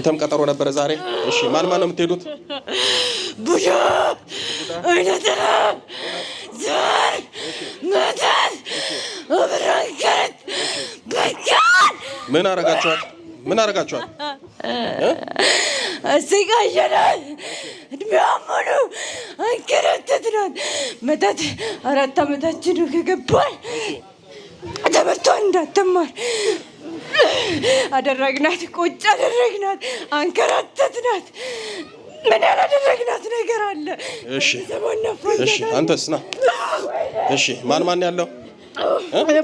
አንተም ቀጠሮ ነበረ ዛሬ። እሺ፣ ማን ማን ነው የምትሄዱት? ቡሻ አይነተራ ዛር መተት ብራንከት በቃል ምን አረጋችኋል? ምን አረጋችኋል? አስቃየናል። እድሜዋን ሙሉ አንከረተትናል። መተት አራት ዓመታችን ከገባል ተመርቷ እንዳትማር አደረግናት፣ ቁጭ አደረግናት፣ አንከራተትናት። ምን ያላደረግናት ነገር አለ? እሺ፣ እሺ፣ አንተስ ና። እሺ፣ ማን ማን ያለው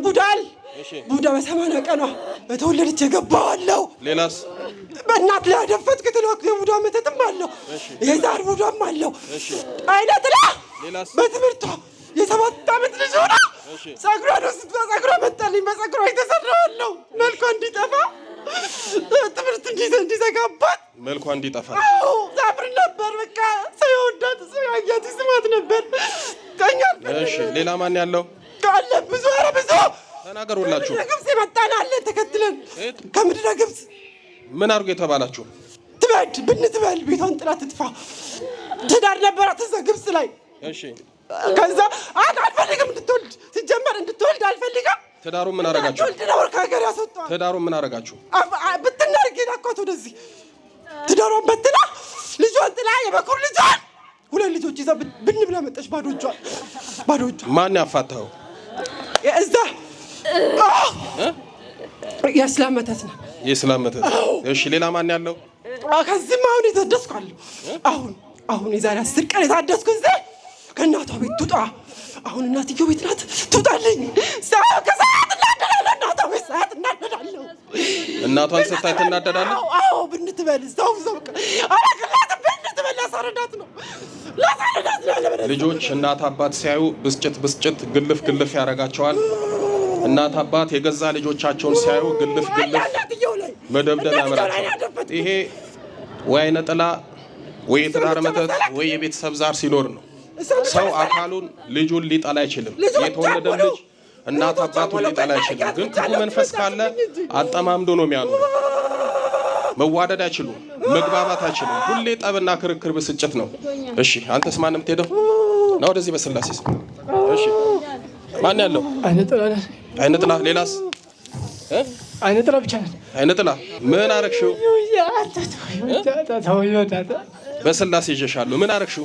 ቡዳል ቡዳ በሰማና ቀኗ በተወለደች የገባዋለው። ሌላስ በእናት ላይ ያደፈት ክትሎ የቡዳ መተትም አለው የዛር ቡዳም አለው አይነት ላ በትምህርቷ የሰባት ዓመት ልጅ ሆና ጸጉሯን ውስጥ በጸጉሯ መጣልኝ። በጸጉሯ የተሰራዋለው መልኳ እንዲጠፋ ትምህርት እንዲዘጋባት መልኳ እንዲጠፋ ዛብር ነበር። በቃ ሰው የወዳት ሰው ያያት ስማት ነበር። ቀኛል ሌላ ማን ያለው አለ? ብዙ ኧረ ብዙ ተናገሩላችሁ። ግብፅ የመጣን አለ ተከትለን ከምድረ ግብፅ ምን አድርጎ የተባላችሁ ትበድ ብንትበል ቤቷን ጥላ ትጥፋ ትዳር ነበራት እዛ ግብፅ ላይ ከዛ አልፈልግም እንድትወልድ ሲጀመር እንድትወልድ አልፈልግም። ትዳሩ ምን አረጋችሁ? ወልድ ከሀገር ያስወጣዋል። ትዳሩ ምን አረጋችሁ? ናኳት ወደዚህ ትዳሯን በትላ ልጇን ጥላ የበኩር ልጇን ሁለት ልጆች ይዛ ብን ብላ ባዶ እጇን ባዶ እጇን። ማን ያፋታው? እዛ የእስላም መተት ነው። የእስላም መተት። እሺ ሌላ ማን ያለው? ከዚህም አሁን የታደስኩ አለሁ። አሁን አሁን የዛሬ አስር ቀን የታደስኩ እዚህ ከእናቷ ቤት ትውጣ። አሁን እናትየው ቤት ናት፣ ትውጣልኝ። ከሰዓት እናደዳለሁ፣ እናቷ ቤት ሰዓት እናደዳለሁ። እናቷን ስታይ ትናደዳለህ? አዎ፣ ብንትበል ሰው ሰው አረግላት ብንትበል ላሳረዳት ነው። ልጆች እናት አባት ሲያዩ ብስጭት ብስጭት ግልፍ ግልፍ ያደርጋቸዋል። እናት አባት የገዛ ልጆቻቸውን ሲያዩ ግልፍ ግልፍ መደብደብ ያምራቸዋል። ይሄ ወይ አይነ ጥላ ወይ የትዳር መተት ወይ የቤተሰብ ዛር ሲኖር ነው። ሰው አካሉን ልጁን ሊጠላ አይችልም። የተወለደ ልጅ እናት አባቱን ሊጠላ አይችልም። ግን ክፉ መንፈስ ካለ አጠማምዶ ነው የሚያኑ። መዋደድ አይችሉም፣ መግባባት አይችሉም። ሁሌ ጠብና ክርክር፣ ብስጭት ነው። እሺ አንተስ ማንም ትሄደው ነው ወደዚህ በስላሴ ስም። እሺ ማን ያለው አይነ ጥላ ሌላስ አይነ ጥላ ብቻ አይነ ጥላ ምን አረግሽው? በስላሴ ይዤሻለሁ ምን አረግሽው?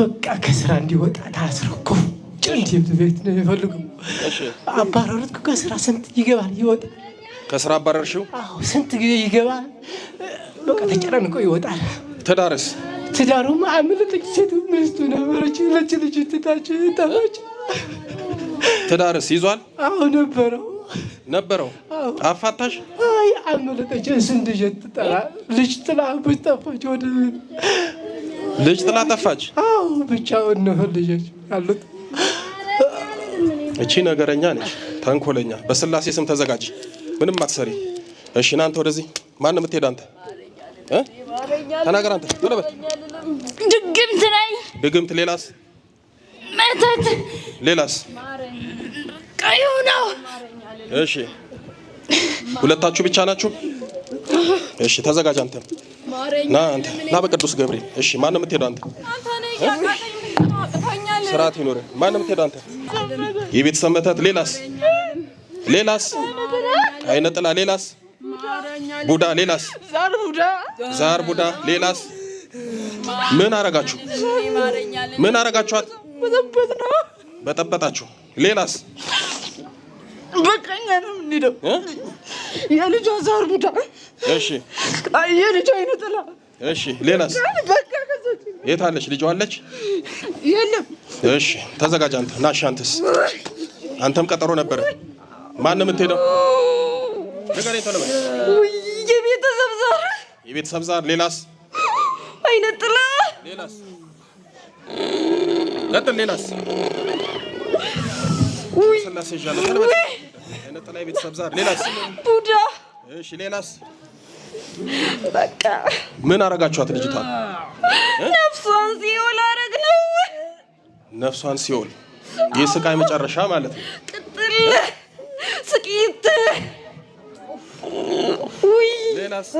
በቃ ከስራ እንዲወጣ ታስረኩ። ጭንት ቤት ነው የፈልጉ አባረሩት። ከስራ ስንት ይገባል ይወጣል። ከስራ አባረርሽው? አዎ፣ ስንት ጊዜ ይገባል። በቃ ተጨናንቆ ይወጣል። ትዳርስ? ትዳሩ አምልጥ ሴት ሚስቱ ነበረች። ለች ልጅ ትታች ጠፋች። ትዳርስ ይዟል? አዎ፣ ነበረው ነበረው አፋታሽ? አይ አመለጠች። ስንት ልጅ ትጠራ ልጅ ጥላ ጠፋች ወደ ልጅ ጥላ ጠፋች። ብቻውን ነው ልጆች አሉት። እቺ ነገረኛ ነች፣ ተንኮለኛ። በስላሴ ስም ተዘጋጅ፣ ምንም አትሰሪ። እሺ እናንተ ወደዚህ ማን ነው የምትሄድ? አንተ ተናገር። አንተ ቶሎ በል። ድግምት ላይ ድግምት። ሌላስ? መተት። ሌላስ? ቀዩ ነው። እሺ ሁለታችሁ ብቻ ናችሁ? እሺ ተዘጋጅ አንተ ና በቅዱስ ገብርኤል። እሺ፣ ማን ነው የምትሄደው አንተ? ስርዓት ይኖር ማን ነው የምትሄደው አንተ? የቤተሰብ መተት። ሌላስ? ሌላስ? አይነ ጥላ። ሌላስ? ቡዳ። ሌላስ? ዛር ቡዳ። ሌላስ? ምን አረጋችሁ? ምን አረጋችኋት? በጠበጣችሁ። ሌላስ? በቃ እኛ ነው የምንሄደው። የልጇ ዛር ቡዳ፣ የልጇ አይነ ጥላ። እሺ፣ ሌላስ? የት አለች? ልጇ አለች? የለም። እሺ፣ ተዘጋጅ አንተ። ናሽ አንተስ? አንተም ቀጠሮ ነበረ። ማን ነው የምትሄደው? የቤተሰብ ዛር፣ የቤተሰብ ዛር። ሌላስ? አይነ ሌላስ? ቀጥል። ሌላስ? ስላሴ ይዣለሁ የጠላይ ቤተሰብ ዛር ሌላስ? ቡዳ። እሺ ሌላስ? በቃ ምን አረጋችኋት ልጅቷ? ነፍሷን ሲኦል አረግ ነው። ነፍሷን ሲኦል የስቃይ መጨረሻ ማለት ነው። ቅጥል ስቂት። ውይ ሌላስ?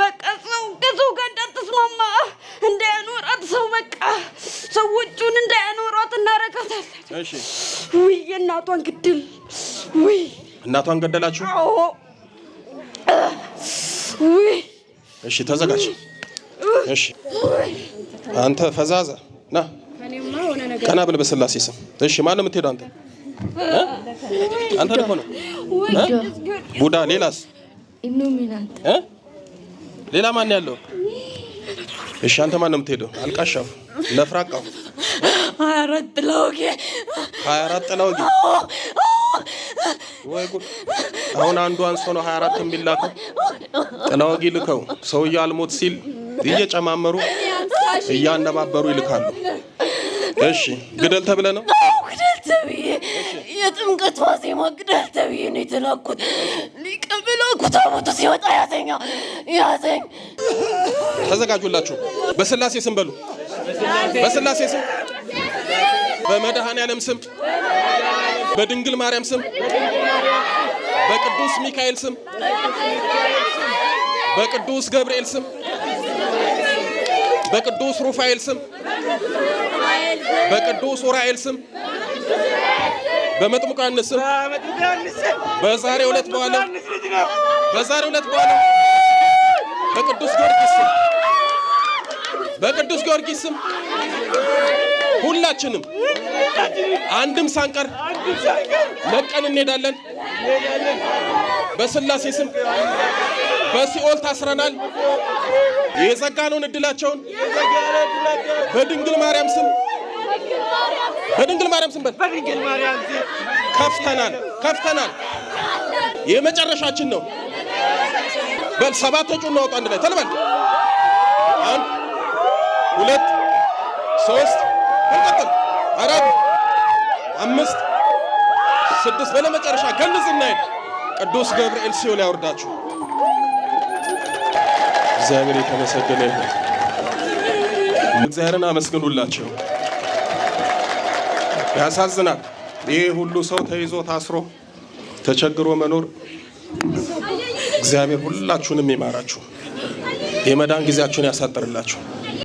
በቃ ሰው ከሰው ጋር እንዳትስማማ እንዳያኖራት ሰው በቃ ሰዎቹን እንዳያኖሯት እናረጋታለን። እሺ ውይ የእናቷን ግድል እናቷን ገደላችሁ? እሺ ተዘጋጅ። እሺ አንተ ፈዛዛ ና ቀና ብል በስላሴ ስም። እሺ ማን ነው የምትሄደው? አንተ አንተ ደግሞ ነው ቡዳ። ሌላስ? ሌላ ማን ያለው? እሺ አንተ ማን ነው የምትሄደው? አልቃሻው፣ ነፍራቃው፣ ሀያ አራት ጥላውጌ፣ ሀያ አራት ሀያ አራት አሁን አንዱ አንሶ ነው 24 የሚላከው። ጥላወጊ ልከው ሰውዬው አልሞት ሲል እየጨማመሩ እያነባበሩ ይልካሉ። እሺ ግደል ተብለ ነው ግደል ተብዬ የጥምቀት ዋዜማ ግደል ተብዬ ነው የተላኩት። ሊቀ መላእክት ታቦቱ ሲወጣ ያዘኛ ያዘኝ። ተዘጋጁላችሁ። በስላሴ ስም በሉ፣ በስላሴ ስም፣ በመድኃኔ ዓለም ስም በድንግል ማርያም ስም፣ በቅዱስ ሚካኤል ስም፣ በቅዱስ ገብርኤል ስም፣ በቅዱስ ሩፋኤል ስም፣ በቅዱስ ኡራኤል ስም በመጥምቁ ዮሐንስ ስም በዛሬው ዕለት በኋላ በዛሬው ዕለት በኋላ በቅዱስ ጊዮርጊስ ስም በቅዱስ ጊዮርጊስ ስም ሁላችንም አንድም ሳንቀር ለቀን እንሄዳለን። በስላሴ ስም በሲኦል ታስረናል። የዘጋነውን እድላቸውን በድንግል ማርያም ስም በድንግል ማርያም ስም በድንግል ማርያም ስም ከፍተናል ከፍተናል። የመጨረሻችን ነው። በል ሰባት ተጩ እናወጣ አንድ ላይ ተልበል። አንድ ሁለት ሶስት እንቀጥል። አራት፣ አምስት፣ ስድስት በለመጨረሻ ገልጽ እናሄድ። ቅዱስ ገብርኤል ሲኦል ያወርዳችሁ። እግዚአብሔር የተመሰገነ ይሁን። እግዚአብሔርን አመስግኑላቸው። ያሳዝናል። ይህ ሁሉ ሰው ተይዞ ታስሮ ተቸግሮ መኖር እግዚአብሔር ሁላችሁንም ይማራችሁ፣ የመዳን ጊዜያችሁን ያሳጥርላችሁ።